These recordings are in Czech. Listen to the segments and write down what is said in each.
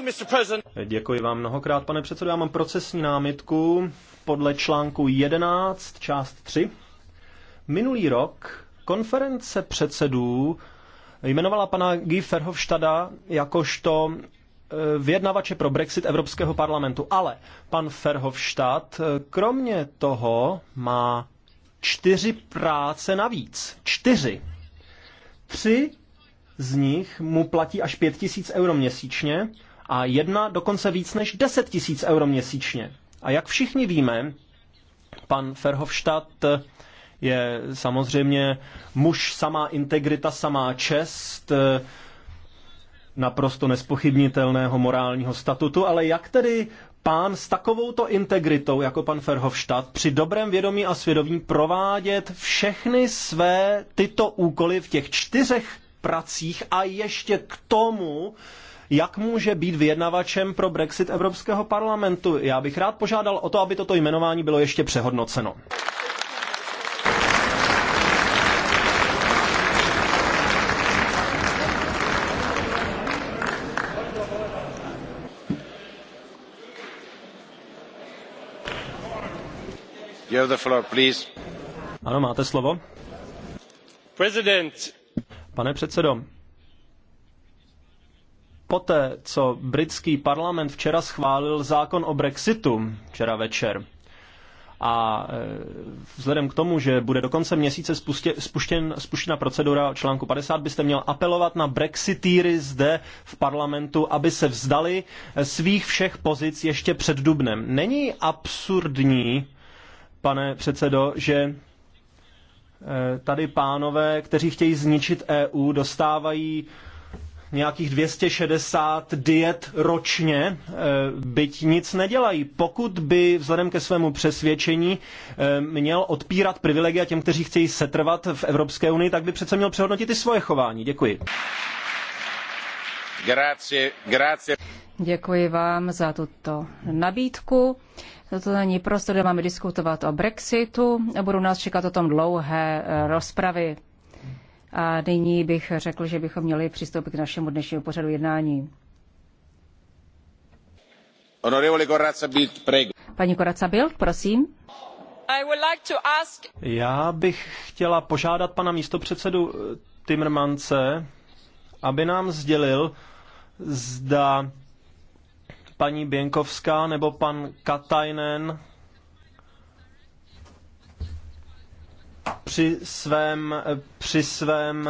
Mr. President. Děkuji vám mnohokrát, pane předsedo. Já mám procesní námitku podle článku 11, část 3. Minulý rok konference předsedů jmenovala pana Guy Verhofstada jakožto Eh, vyjednavače pro Brexit Evropského parlamentu. Ale pan Ferhofstadt eh, kromě toho má čtyři práce navíc. Čtyři. Tři z nich mu platí až pět tisíc euro měsíčně a jedna dokonce víc než deset tisíc euro měsíčně. A jak všichni víme, pan Ferhofstadt eh, je samozřejmě muž samá integrita, samá čest, naprosto nespochybnitelného morálního statutu, ale jak tedy pán s takovouto integritou, jako pan Ferhofstadt, při dobrém vědomí a svědomí provádět všechny své tyto úkoly v těch čtyřech pracích a ještě k tomu, jak může být vyjednavačem pro Brexit Evropského parlamentu. Já bych rád požádal o to, aby toto jmenování bylo ještě přehodnoceno. Ano, máte slovo. Pane předsedo, poté, co britský parlament včera schválil zákon o Brexitu, včera večer, a e, vzhledem k tomu, že bude do konce měsíce spuštěn, spuštěna procedura článku 50, byste měl apelovat na brexitýry zde v parlamentu, aby se vzdali svých všech pozic ještě před Dubnem. Není absurdní pane předsedo, že eh, tady pánové, kteří chtějí zničit EU, dostávají nějakých 260 diet ročně, eh, byť nic nedělají. Pokud by vzhledem ke svému přesvědčení eh, měl odpírat privilegia těm, kteří chtějí setrvat v Evropské unii, tak by přece měl přehodnotit i svoje chování. Děkuji. Grazie, grazie. Děkuji vám za tuto nabídku. No to není prostor, kde máme diskutovat o Brexitu. Budou nás čekat o tom dlouhé eh, rozpravy. A nyní bych řekl, že bychom měli přistoupit k našemu dnešnímu pořadu jednání. Paní Koraca Bild, prosím. Já bych chtěla požádat pana místopředsedu eh, Timmermance, aby nám sdělil, zda paní Běnkovská nebo pan Katajnen při svém, při svém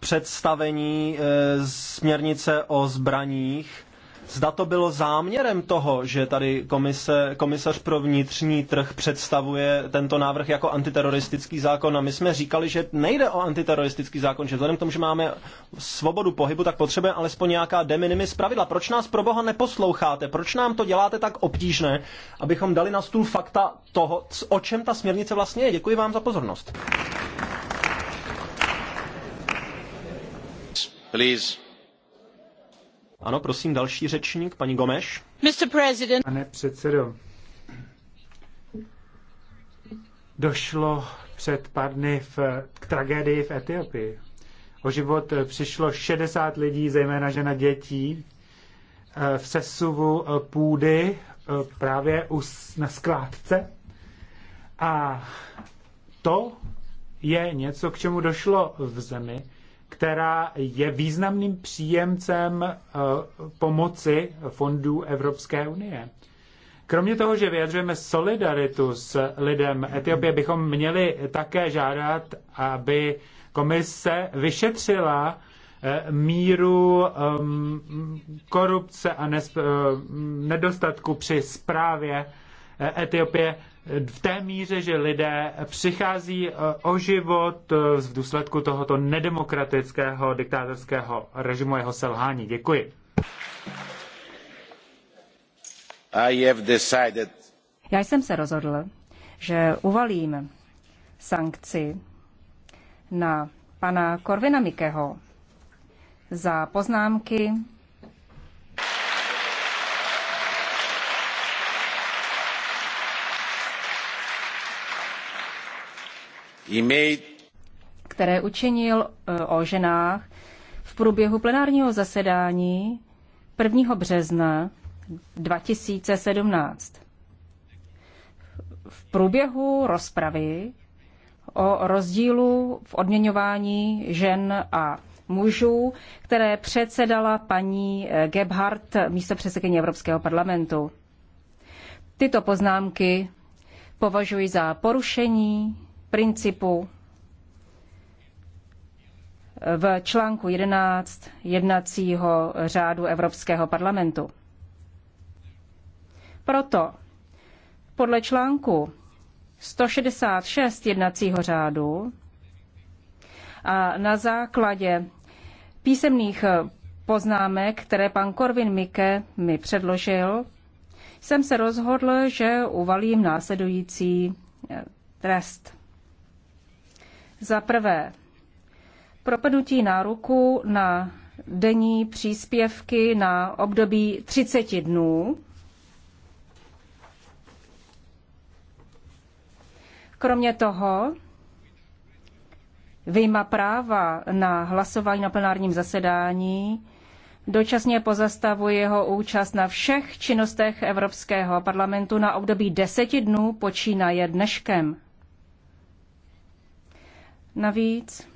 představení eh, směrnice o zbraních Zda to bylo záměrem toho, že tady komise, komisař pro vnitřní trh představuje tento návrh jako antiteroristický zákon a my jsme říkali, že nejde o antiteroristický zákon, že vzhledem k tomu, že máme svobodu pohybu, tak potřebujeme alespoň nějaká de minimis pravidla. Proč nás pro boha neposloucháte? Proč nám to děláte tak obtížné, abychom dali na stůl fakta toho, o čem ta směrnice vlastně je? Děkuji vám za pozornost. Please. Ano, prosím, další řečník, paní Gomeš. Mr. President. Pane předsedo, došlo před pár dny v, k tragédii v Etiopii. O život eh, přišlo 60 lidí, zejména žena dětí, eh, v sesuvu eh, půdy právě u, na skládce. A to je něco, k čemu došlo v zemi, která je významným příjemcem eh, pomoci fondů Evropské unie. Kromě toho, že vyjadřujeme solidaritu s lidem Etiopie, bychom měli také žádat, aby komise vyšetřila eh, míru ehm, korupce a eh, nedostatku při zprávě Etiopie v té míře, že lidé přichází eh, o život eh, v důsledku tohoto nedemokratického diktátorského režimu jeho selhání. Děkuji. Já jsem se rozhodl, že uvalím sankci na pana Korvina Mikeho za poznámky které učinil eh, o ženách v průběhu plenárního zasedání 1. března 2017. V průběhu rozpravy o rozdílu v odměňování žen a mužů, které předsedala paní eh, Gebhardt, místo předsedkyně Evropského parlamentu. Tyto poznámky považuji za porušení principu v článku 11 jednacího řádu Evropského parlamentu. Proto podle článku 166 jednacího řádu a na základě písemných poznámek, které pan Korvin Mike mi předložil, jsem se rozhodl, že uvalím následující eh, trest. Za prvé, propadnutí nároku na denní příspěvky na období 30 dnů. Kromě toho, vyjma práva na hlasování na plenárním zasedání dočasně pozastavuje jeho účast na všech činnostech Evropského parlamentu na období deseti dnů počínaje dneškem. Navíc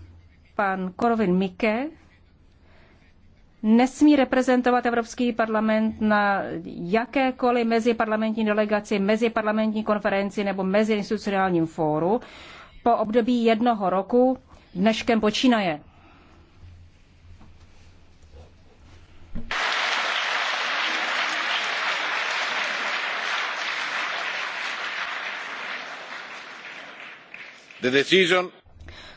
pan Korovin Mike nesmí reprezentovat Evropský parlament na jakékoliv meziparlamentní delegaci, meziparlamentní konferenci nebo meziinstitucionálním fóru po období jednoho roku dneškem počínaje. The decision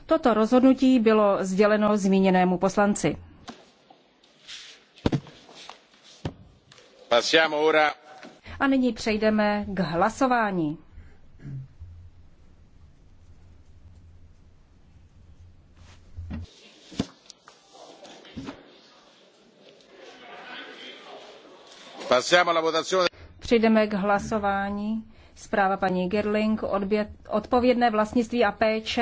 Toto rozhodnutí bylo sděleno zmíněnému poslanci. A nyní přejdeme k hlasování. Přejdeme k hlasování. Zpráva paní Gerling. odpovědné vlastnictví a péče